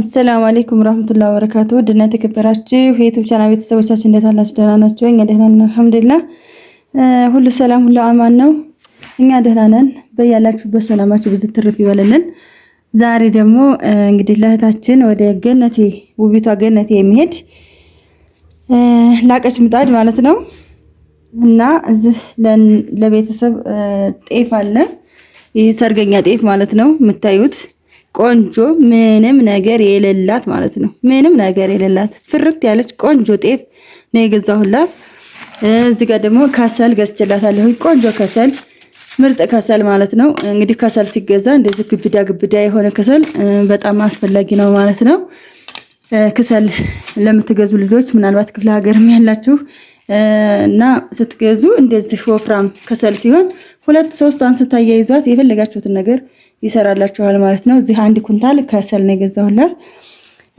አሰላሙ አለይኩም ረህመቱላሂ ወበረካቱ ድና የተከበራችሁ የዩቲዩብ ቻናል ቤተሰቦቻችን እንዴት አላችሁ? ደህና ናችሁ? እኛ ደህና ነን፣ አልሐምዱሊላህ። ሁሉ ሰላም፣ ሁሉ አማን ነው። እኛ ደህና ነን። በያላችሁበት ሰላማችሁ ብዙ ትርፍ ይበልልን። ዛሬ ደግሞ እንግዲህ ለእህታችን ወደ ገነቴ ውቢቷ ገነቴ የሚሄድ ላቀች ምጣድ ማለት ነው እና እዚህ ለቤተሰብ ጤፍ አለ። ይህ ሰርገኛ ጤፍ ማለት ነው የምታዩት ቆንጆ ምንም ነገር የሌላት ማለት ነው። ምንም ነገር የሌላት ፍርት ያለች ቆንጆ ጤፍ ነው የገዛሁላት። እዚህ ጋር ደግሞ ከሰል ገዝቼላታለሁ። ቆንጆ ከሰል፣ ምርጥ ከሰል ማለት ነው። እንግዲህ ከሰል ሲገዛ እንደዚህ ግብዳ ግብዳ የሆነ ከሰል በጣም አስፈላጊ ነው ማለት ነው። ከሰል ለምትገዙ ልጆች ምናልባት ክፍለ ሀገርም ያላችሁ እና ስትገዙ እንደዚህ ወፍራም ከሰል ሲሆን ሁለት ሶስት አንስታ ያይዟት የፈለጋችሁትን ነገር ይሰራላችኋል ማለት ነው። እዚህ አንድ ኩንታል ከሰል ነው የገዛሁላት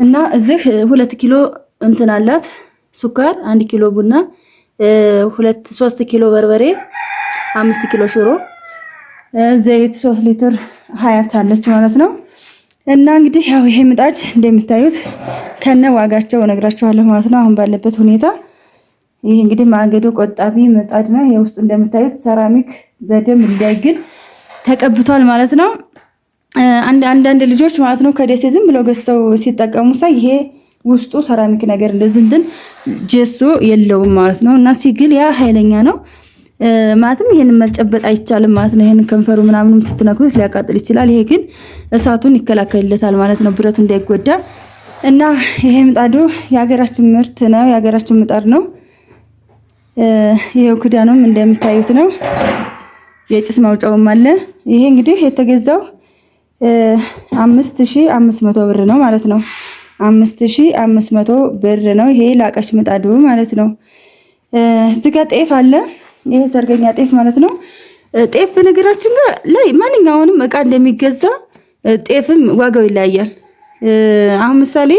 እና እዚህ ሁለት ኪሎ እንትን አላት ሱካር፣ አንድ ኪሎ ቡና፣ ሁለት ሶስት ኪሎ በርበሬ፣ አምስት ኪሎ ሽሮ፣ ዘይት ሶስት ሊትር ሀያት አለች ማለት ነው። እና እንግዲህ ያው ይሄ ምጣድ እንደምታዩት ከነ ዋጋቸው እነግራችኋለሁ ማለት ነው። አሁን ባለበት ሁኔታ ይሄ እንግዲህ ማገዶ ቆጣቢ ምጣድ ነው። ይሄ ውስጡ እንደምታዩት ሰራሚክ በደንብ እንዳይግል ተቀብቷል ማለት ነው። አንዳንድ ልጆች ማለት ነው ከደሴ ዝም ብለው ገዝተው ሲጠቀሙ ሳይ ይሄ ውስጡ ሰራሚክ ነገር እንደዚህ እንትን ጀሶ የለውም ማለት ነው እና ሲግል ያ ኃይለኛ ነው ማለትም ይሄን መጨበጥ አይቻልም ማለት ነው። ይሄን ከንፈሩ ምናምን ስትነኩት ሊያቃጥል ይችላል። ይሄ ግን እሳቱን ይከላከልለታል ማለት ነው፣ ብረቱ እንዳይጎዳ እና ይሄ ምጣዱ የሀገራችን ምርት ነው፣ የሀገራችን ምጣድ ነው። ይሄው ክዳኑም እንደምታዩት ነው። የጭስ ማውጫውም አለ። ይሄ እንግዲህ የተገዛው አምስት ሺ አምስት መቶ ብር ነው ማለት ነው። አምስት ሺ አምስት መቶ ብር ነው ይሄ ላቀሽ ምጣዱ ማለት ነው። እዚህ ጋር ጤፍ አለ። ይሄ ሰርገኛ ጤፍ ማለት ነው። ጤፍ በነገራችን ጋር ላይ ማንኛውንም እቃ እንደሚገዛ ጤፍም ዋጋው ይለያያል። አሁን ምሳሌ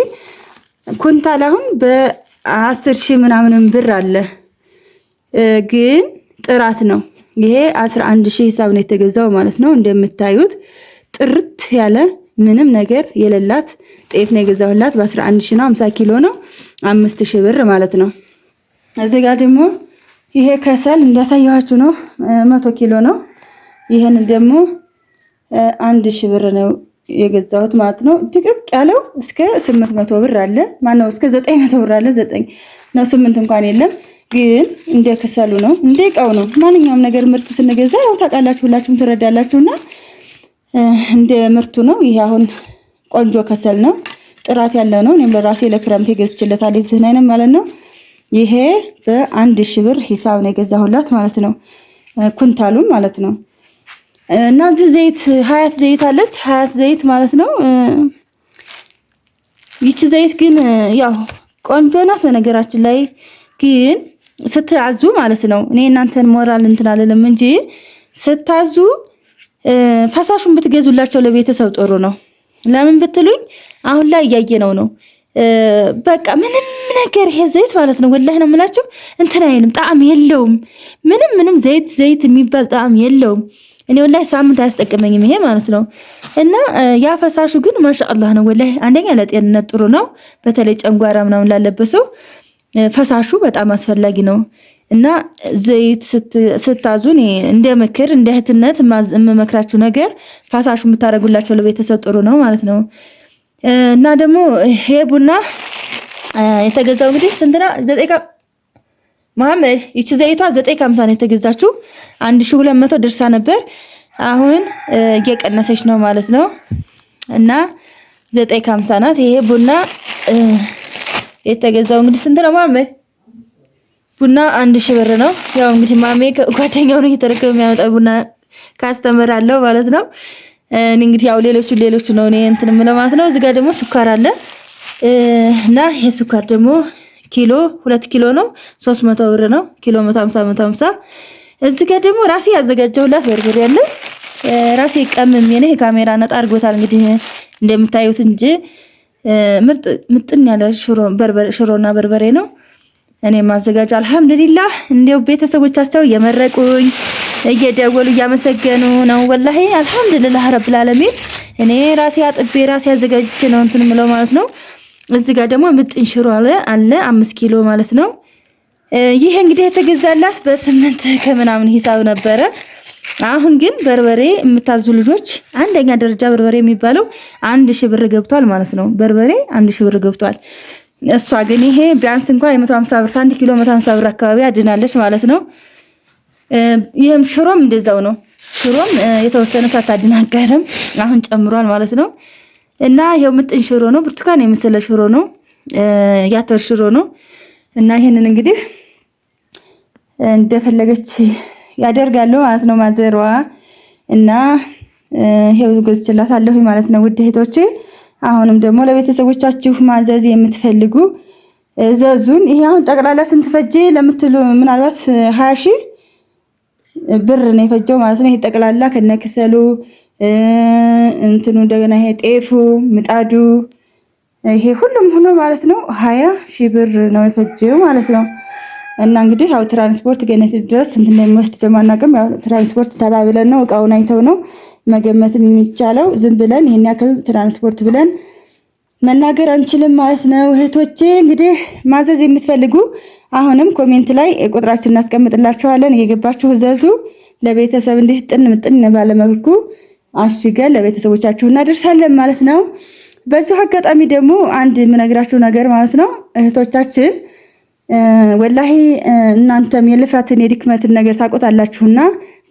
ኩንታል አሁን በአስር ሺህ ምናምንም ብር አለ ግን ጥራት ነው። ይሄ 11 ሺህ ሂሳብ ነው የተገዛው ማለት ነው። እንደምታዩት ጥርት ያለ ምንም ነገር የሌላት ጤፍ ነው የገዛሁላት በ11 ሺህ ነው። 50 ኪሎ ነው 5 ሺህ ብር ማለት ነው። እዚህ ጋር ደግሞ ይሄ ከሰል እንዳሳየኋችሁ ነው 100 ኪሎ ነው። ይሄን ደግሞ አንድ ሺህ ብር ነው የገዛሁት ማለት ነው። ድቅቅ ያለው እስከ 800 ብር አለ። ማነው እስከ 900 ብር አለ። 9 ነው 8 እንኳን የለም ግን እንደ ከሰሉ ነው፣ እንደ እቃው ነው። ማንኛውም ነገር ምርት ስንገዛ ያው ታውቃላችሁ፣ ሁላችሁም ትረዳላችሁና እንደ ምርቱ ነው። ይሄ አሁን ቆንጆ ከሰል ነው፣ ጥራት ያለው ነው። እኔም ለራሴ ለክረምቴ ገዝቼለታለሁ። ዝህናይነ ማለት ነው። ይሄ በአንድ ሺህ ብር ሂሳብ ነው የገዛሁላት ማለት ነው፣ ኩንታሉ ማለት ነው። እና እዚህ ዘይት ሀያት ዘይት አለች፣ ሀያት ዘይት ማለት ነው። ይቺ ዘይት ግን ያው ቆንጆ ናት በነገራችን ላይ ግን ስትዙ ማለት ነው። እኔ እናንተን ሞራል እንትን አልልም እንጂ ስታዙ ፈሳሹን ብትገዙላቸው ለቤተሰብ ጥሩ ነው። ለምን ብትሉኝ አሁን ላይ እያየነው ነው። በቃ ምንም ነገር ይሄ ዘይት ማለት ነው ወላህ ነው የምላቸው እንትን አይልም፣ ጣዕም የለውም። ምንም ምንም ዘይት ዘይት የሚባል ጣዕም የለውም። እኔ ወላህ ሳምንት አያስጠቅመኝም ይሄ ማለት ነው። እና ያ ፈሳሹ ግን ማሻአላህ ነው ወላህ አንደኛ ለጤንነት ጥሩ ነው፣ በተለይ ጨንጓራ ምናምን ላለበት ሰው ፈሳሹ በጣም አስፈላጊ ነው እና ዘይት ስታዙ እንደ ምክር እንደ እህትነት የምመክራችሁ ነገር ፈሳሹ የምታደርጉላቸው ለቤተሰብ ጥሩ ነው ማለት ነው። እና ደግሞ ይሄ ቡና የተገዛው እንግዲህ ስንትና ዘጠኝ ማም ይቺ ዘይቷ ዘጠኝ ከምሳ ነው የተገዛችው። አንድ ሺ ሁለት መቶ ድርሳ ነበር። አሁን እየቀነሰች ነው ማለት ነው እና ዘጠኝ ከምሳ ናት። ይሄ ቡና የተገዛው እንግዲህ ስንት ነው ማሜ? ቡና አንድ ሺህ ብር ነው። ያው እንግዲህ ማሜ ጓደኛው ነው እየተረከበ የሚያመጣው ቡና ካስተመር አለው ማለት ነው። እንግዲህ ያው ሌሎቹ ሌሎቹ ነው እኔ እንትን የምለው ማለት ነው። እዚህ ጋር ደግሞ ስኳር አለ እና ይሄ ስኳር ደግሞ ኪሎ ሁለት ኪሎ ነው 300 ብር ነው። ኪሎ 150 150። እዚህ ጋር ደግሞ ራሴ ያዘጋጀሁላት በርበሬ አለ ራሴ ቀምሜ ነው። የካሜራ ነጣ አድርጎታል እንግዲህ እንደምታዩት እንጂ ምጥን ያለ ሽሮና በርበሬ ነው። እኔ ማዘጋጅ አልሐምዱሊላህ እንዲያው ቤተሰቦቻቸው የመረቁኝ እየደወሉ እያመሰገኑ ነው። ወላሂ አልሐምዱሊላህ ረብል ዓለሚን እኔ ራሴ አጥቤ ራሴ አዘጋጅቼ ነው እንትን ምለው ማለት ነው። እዚህ ጋር ደግሞ ምጥን ሽሮ አለ አምስት ኪሎ ማለት ነው። ይህ እንግዲህ የተገዛላት በስምንት ከምናምን ሂሳብ ነበረ። አሁን ግን በርበሬ የምታዙ ልጆች አንደኛ ደረጃ በርበሬ የሚባለው አንድ ሺህ ብር ገብቷል ማለት ነው። በርበሬ አንድ ሺህ ብር ገብቷል። እሷ ግን ይሄ ቢያንስ እንኳን የመቶ ሀምሳ ብር ከአንድ ኪሎ መቶ ሀምሳ ብር አካባቢ አድናለች ማለት ነው። ይህም ሽሮም እንደዛው ነው። ሽሮም የተወሰነ ሳታድን አሁን ጨምሯል ማለት ነው። እና ይሄው ምጥን ሽሮ ነው። ብርቱካን የመሰለ ሽሮ ነው። ያተር ሽሮ ነው። እና ይሄንን እንግዲህ እንደፈለገች ያደርጋለሁ ማለት ነው። ማዘሯ እና ይሄው ገዝቼላታለሁ ማለት ነው። ውድ እህቶቼ አሁንም ደግሞ ለቤተሰቦቻችሁ ማዘዝ የምትፈልጉ እዘዙን። ይሄ አሁን ጠቅላላ ስንት ፈጀ ለምትሉ ምናልባት ሀያ ሺህ ብር ነው የፈጀው ማለት ነው። ይሄ ጠቅላላ ከነክሰሉ እንትኑ እንደገና ይሄ ጤፉ፣ ምጣዱ ይሄ ሁሉም ሆኖ ማለት ነው ሀያ ሺህ ብር ነው የፈጀው ማለት ነው። እና እንግዲህ ያው ትራንስፖርት ገነት ድረስ ስንት እንደሚወስድ ደግሞ አናውቅም። ያው ትራንስፖርት ተባብለን ነው እቃውን አይተው ነው መገመትም የሚቻለው። ዝም ብለን ይሄን ያክል ትራንስፖርት ብለን መናገር አንችልም ማለት ነው። እህቶቼ እንግዲህ ማዘዝ የምትፈልጉ አሁንም ኮሜንት ላይ ቁጥራችን እናስቀምጥላችኋለን። እየገባችሁ እዘዙ። ለቤተሰብ እንዲህ ጥን ምጥን ባለመልኩ አሽገን ለቤተሰቦቻችሁ እናደርሳለን ማለት ነው። በዚሁ አጋጣሚ ደግሞ አንድ የምነግራችሁ ነገር ማለት ነው እህቶቻችን ወላሂ እናንተም የልፋትን የድክመትን ነገር ታቆጣላችሁና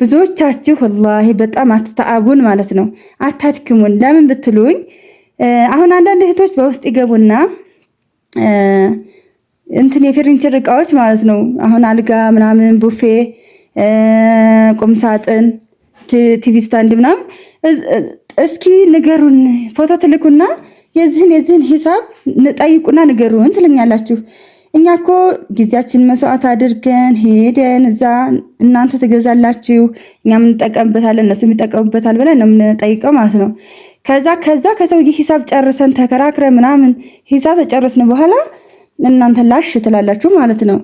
ብዙዎቻችሁ ወላሂ በጣም አትተአቡን ማለት ነው። አታድክሙን። ለምን ብትሉኝ አሁን አንዳንድ እህቶች በውስጥ ይገቡና እንትን የፈርኒቸር እቃዎች ማለት ነው። አሁን አልጋ ምናምን፣ ቡፌ፣ ቁምሳጥን፣ ቲቪ ስታንድ ምናምን እስኪ ንገሩን፣ ፎቶ ትልኩና የዚህን የዚህን ሂሳብ ጠይቁና ንገሩን ትለኛላችሁ። እኛ እኮ ጊዜያችን መስዋዕት አድርገን ሄደን እዛ እናንተ ትገዛላችሁ፣ እኛም እንጠቀምበታለን፣ እነሱም ይጠቀሙበታል ብለን ነው የምንጠይቀው ማለት ነው። ከዛ ከዛ ከሰውዬ ሂሳብ ጨርሰን ተከራክረ ምናምን ሂሳብ ተጨረስን በኋላ እናንተ ላሽ ትላላችሁ ማለት ነው።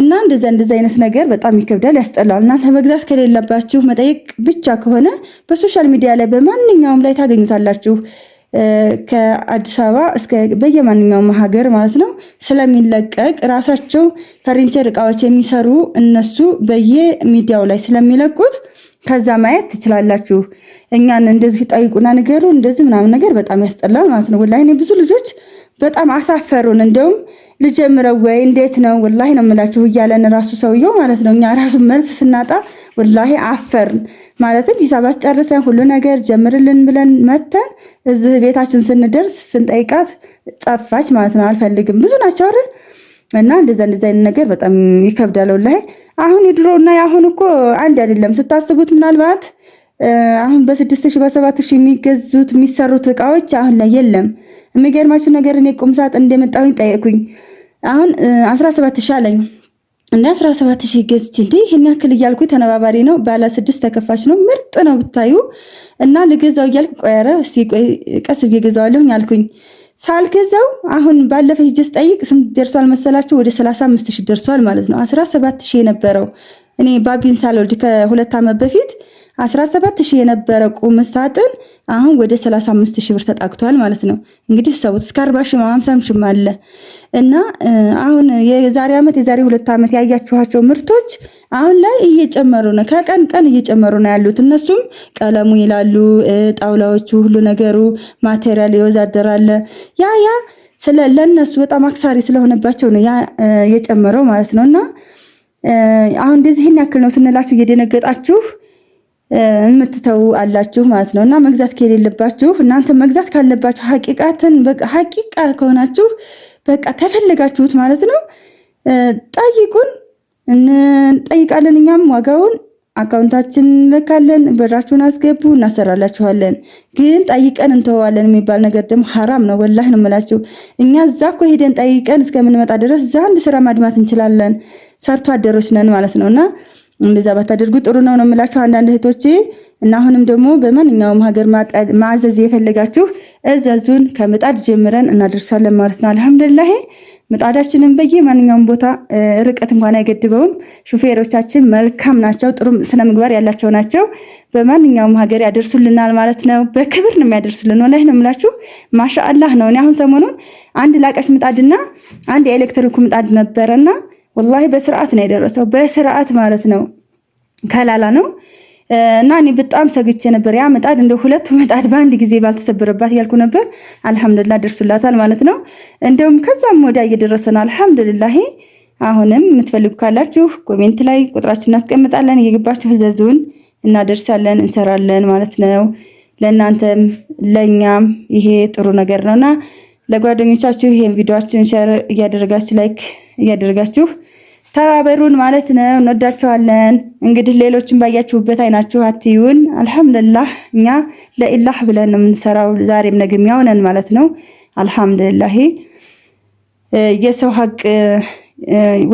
እና እንደዛ እንደዛ አይነት ነገር በጣም ይከብዳል፣ ያስጠላል። እናንተ መግዛት ከሌለባችሁ መጠየቅ ብቻ ከሆነ በሶሻል ሚዲያ ላይ በማንኛውም ላይ ታገኙታላችሁ። ከአዲስ አበባ እስከ በየማንኛውም ሀገር ማለት ነው ስለሚለቀቅ ራሳቸው ፈርኒቸር እቃዎች የሚሰሩ እነሱ በየሚዲያው ላይ ስለሚለቁት ከዛ ማየት ትችላላችሁ። እኛን እንደዚህ ጠይቁና ንገሩ እንደዚህ ምናምን ነገር በጣም ያስጠላል ማለት ነው። ወላሂ እኔ ብዙ ልጆች በጣም አሳፈሩን። እንደውም ልጀምረው ወይ እንዴት ነው ወላሂ ነው የምላችሁ እያለን ራሱ ሰውየው ማለት ነው እኛ ራሱ መልስ ስናጣ ወላሂ አፈርን። ማለትም ሂሳብ አስጨርሰን ሁሉ ነገር ጀምርልን ብለን መተን እዚህ ቤታችን ስንደርስ ስንጠይቃት ጠፋች ማለት ነው። አልፈልግም ብዙ ናቸው አይደል እና እንደዛ እንደዛ አይነት ነገር በጣም ይከብዳል ወላሂ። አሁን የድሮ እና የአሁን እኮ አንድ አይደለም ስታስቡት ምናልባት አሁን በስድስት ሺህ በሰባት ሺህ የሚገዙት የሚሰሩት እቃዎች አሁን ላይ የለም። የሚገርማችሁ ነገር እኔ ቁምሳጥን እንደመጣሁኝ ጠየቅኩኝ። አሁን አስራ ሰባት ሺህ አለኝ እንደ 17000 ገዝቼ እንዴ ይሄን ያክል እያልኩ ተነባባሪ ነው። ባለ ስድስት ተከፋች ነው፣ ምርጥ ነው ብታዩ እና ልገዛው እያልኩ ቆያረ እስኪ ቆይ ቀስ ብዬ ገዛዋለሁኝ አልኩኝ። ሳልገዛው አሁን ባለፈ ሂጅ ስጠይቅ ስንት ደርሷል መሰላችሁ? ወደ 35000 ደርሷል ማለት ነው። 17000 የነበረው እኔ ባቢን ሳልወልድ ከሁለት ዓመት በፊት 17 ሺ የነበረ ቁም ሳጥን አሁን ወደ 35 ሺ ብር ተጣግቷል ማለት ነው። እንግዲህ ሰውት እስከ 40 ሺህ 50 ሺህ አለ እና አሁን የዛሬ ዓመት የዛሬ ሁለት ዓመት ያያችኋቸው ምርቶች አሁን ላይ እየጨመሩ ነው፣ ከቀን ቀን እየጨመሩ ነው ያሉት። እነሱም ቀለሙ ይላሉ፣ ጣውላዎቹ፣ ሁሉ ነገሩ ማቴሪያል ይወዛደራል። ያ ያ ስለ ለነሱ በጣም አክሳሪ ስለሆነባቸው ነው ያ የጨመረው ማለት ነውና አሁን እንደዚህን ያክል ነው ስንላችሁ እየደነገጣችሁ የምትተው አላችሁ ማለት ነው። እና መግዛት ከሌለባችሁ እናንተ መግዛት ካለባችሁ ሀቂቃትን ሀቂቃ ከሆናችሁ በቃ ተፈለጋችሁት ማለት ነው፣ ጠይቁን፣ እንጠይቃለን። እኛም ዋጋውን አካውንታችን እንልካለን። በራችሁን አስገቡ፣ እናሰራላችኋለን። ግን ጠይቀን እንተዋለን የሚባል ነገር ደግሞ ሀራም ነው። ወላህ ነው የምላችሁ። እኛ እዛ እኮ ሄደን ጠይቀን እስከምንመጣ ድረስ እዛ አንድ ስራ ማድማት እንችላለን። ሰርቶ አደሮች ነን ማለት ነው እና እንደዛ ባታደርጉ ጥሩ ነው ነው የምላችሁ አንዳንድ እህቶቼ እና አሁንም ደግሞ በማንኛውም ሀገር ማዘዝ የፈለጋችሁ እዘዙን ከምጣድ ጀምረን እናደርሳለን ማለት ነው። አልሐምዱሊላህ ምጣዳችንን በየ ማንኛውም ቦታ ርቀት እንኳን አይገድበውም። ሹፌሮቻችን መልካም ናቸው፣ ጥሩ ስነ ምግባር ያላቸው ናቸው። በማንኛውም ሀገር ያደርሱልናል ማለት ነው። በክብር ነው የሚያደርሱልን። ወላሂ ነው የምላችሁ። ማሻአላህ ነው። እኔ አሁን ሰሞኑን አንድ ላቀሽ ምጣድና አንድ የኤሌክትሪኩ ምጣድ ነበረና ወላሂ በስርዓት ነው የደረሰው። በስርዓት ማለት ነው ከላላ ነው እና እኔ በጣም ሰግቼ ነበር። ያ ምጣድ እንደ ሁለቱ ምጣድ በአንድ ጊዜ ባልተሰበረባት ያልኩ ነበር። አልሐምዱሊላ ደርሱላታል ማለት ነው። እንደውም ከዛም ወዲያ እየደረሰ ነው አልሐምዱሊላሂ። አሁንም የምትፈልጉ ካላችሁ ኮሜንት ላይ ቁጥራችን እናስቀምጣለን። እየገባችሁ ዘዙን እናደርሳለን፣ እንሰራለን ማለት ነው። ለእናንተም ለእኛም ይሄ ጥሩ ነገር ነውና ለጓደኞቻችሁ ይሄን ቪዲዮችን ሸር እያደረጋችሁ ላይክ እያደረጋችሁ ተባበሩን ማለት ነው። እንወዳችኋለን። እንግዲህ ሌሎችን ባያችሁበት አይናችሁ አትዩን። አልሐምዱሊላህ እኛ ለኢላህ ብለን ነው የምንሰራው። ዛሬም ነገም ያው ማለት ነው። አልሐምዱሊላህ የሰው ሀቅ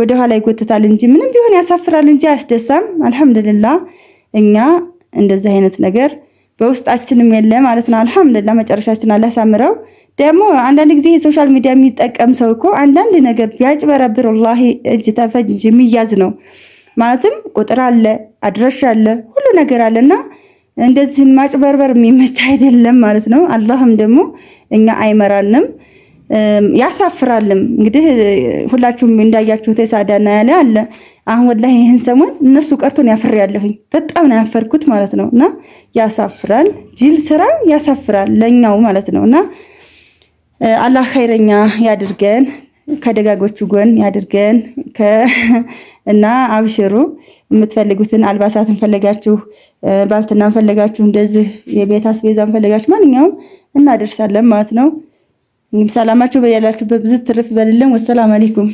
ወደኋላ ይጎትታል እንጂ ምንም ቢሆን ያሳፍራል እንጂ አያስደሳም። አልሐምዱሊላህ እኛ እንደዚህ አይነት ነገር በውስጣችንም የለ ማለት ነው። አልሐምዱሊላህ መጨረሻችን አላሳምረው። ደግሞ አንዳንድ ጊዜ የሶሻል ሚዲያ የሚጠቀም ሰው እኮ አንዳንድ ነገር ቢያጭበረብር ወላሂ እጅ ተፈጅ የሚያዝ ነው። ማለትም ቁጥር አለ፣ አድራሻ አለ፣ ሁሉ ነገር አለ እና እንደዚህ ማጭበርበር የሚመች አይደለም ማለት ነው። አላህም ደግሞ እኛ አይመራንም ያሳፍራልም። እንግዲህ ሁላችሁም እንዳያችሁት የሳዳና ያለ አለ አሁን ወላሂ ይህን ሰሞን እነሱ ቀርቶን ያፍር ያለሁኝ በጣም ነው ያፈርኩት ማለት ነው። እና ያሳፍራል፣ ጅል ስራ ያሳፍራል ለእኛው ማለት ነው እና አላህ ኸይረኛ ያድርገን፣ ከደጋጎቹ ጎን ያድርገን እና አብሽሩ የምትፈልጉትን አልባሳት እንፈልጋችሁ፣ ባልትና እንፈልጋችሁ እንደዚህ የቤት አስቤዛ እንፈልጋችሁ ማንኛውም እናደርሳለን ማለት ነው። ሰላማችሁ በያላችሁበት ብዝት ትርፍ በልልን። ወሰላም አለይኩም